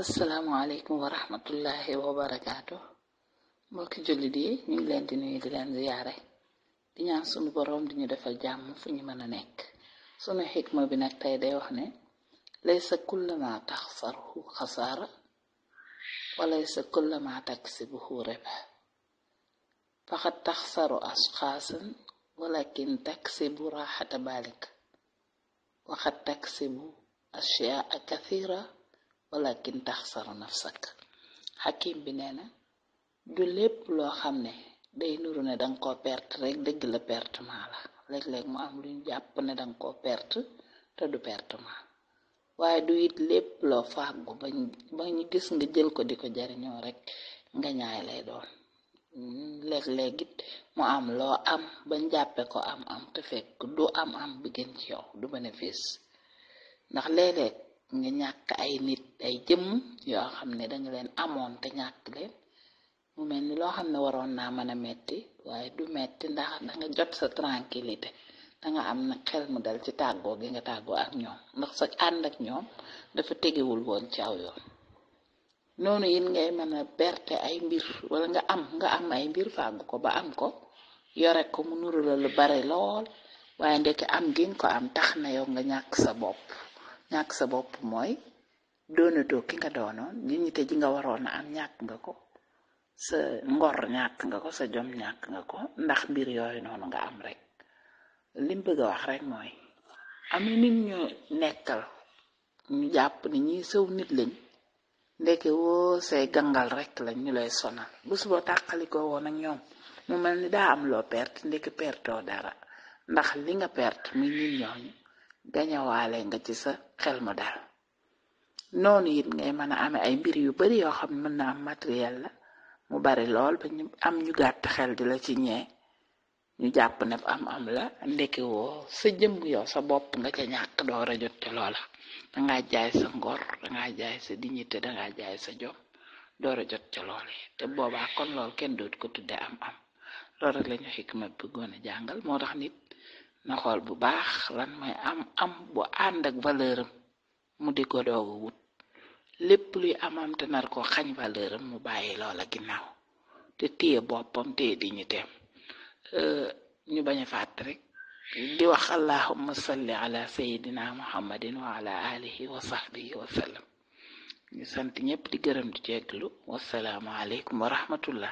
asalaamualeykum wa rahmatullahi wa barakaatu mbokki jullit yi ñu leen di nuyu di leen ziyaare di ñaan sunu boroom di ñu defal jàmm fu ñu mën a nekk sunu xikma bi nag tey day wax ne laysa kullama taxsarhu xasaara wa laysa kullama taksibuhu riba faqad taxsaru ashxaasan walakin taksibu balik waxat taksibu ashyaa kathira walakin taxsaru nafsak xakim bi nee na du lépp loo xam ne day nuru ne dang ko perte rek dëgg la pertement la léeg-léeg mu am luñ jàpp ne danga koo perte te du pertement waaye du it lépp loo fàggu bañ gis nga jël ko di ko jariñoo rek nga ñaay lay doon mu am loo am bañ jàppe ko am am te fekk du am am bi ci yow du bénéfice ndax léeg-léeg nga ñàkk ay nit ay jëmm yoo xam ne danga leen amoon te ñàkk leen mu mel ni loo xam ne waroon naa mën a metti waaye du metti ndax danga jot sa tranquillité danga am na xel mu dal ci tàggoo gi nga tàggoo ak ñoom ndax sa ànd ak ñoom dafa tegewul woon ci aw yoon noonu it ngay mën a berte ay mbir wala nga am nga am ay mbir fàggu ko ba am ko yore ko mu nuru la lu bare lool waaye ndekki am gi ko am tax na yow nga ñàkk sa bopp ñàkk sa bopp mooy doonatoo ki nga doonoon nit te ji nga waroon a am ñàkk nga ko sa ngor ñàkk nga ko sa jom ñàkk nga ko ndax mbir yooyu noonu nga am rek lim bëgg a wax rekk mooy am na nit ñu nekkal ñu jàpp ni ñuy sëw nit lañ ndeke woo say gangal rekk lañ ñu lay sonal bu suba tàqalikoo woon ak ñoom mu mel ni daa am loo perte ndeke pertoo dara ndax li nga perte muy nit ñooñu gañawaale nga ci sa xel mu dal noonu it ngay mën a amee ay mbir yu bari yoo xam mën na am matériel la mu bari lool ba ñu am ñu gàtt xel di la ci ñee ñu jàpp ne am am la ndekki woo sa jëm yow sa bopp nga ñàkk door a jot te loola danga jaay sa ngor danga jaay sa dignité danga jaay sa jom door a jot ca loole te boobaa kon lool kenn doot ko tudde am am loolu rek la ñu xikma bëggoon a jàngal moo tax nit na xool bu baax lan mooy am am bu ànd ak valeuram mu di ko doogu wut lépp luy amam te nar ko xañ valeuram mu bàyyi loola ginaaw te téye boppam téye di ñu teem euh, ñu bañ a fàtt rek di wax allahumma salli ala sayidina muhammadin wa ala wa sahbihi ñu sant ñëpp di gërëm di jéglu wasalaamu aleykum wa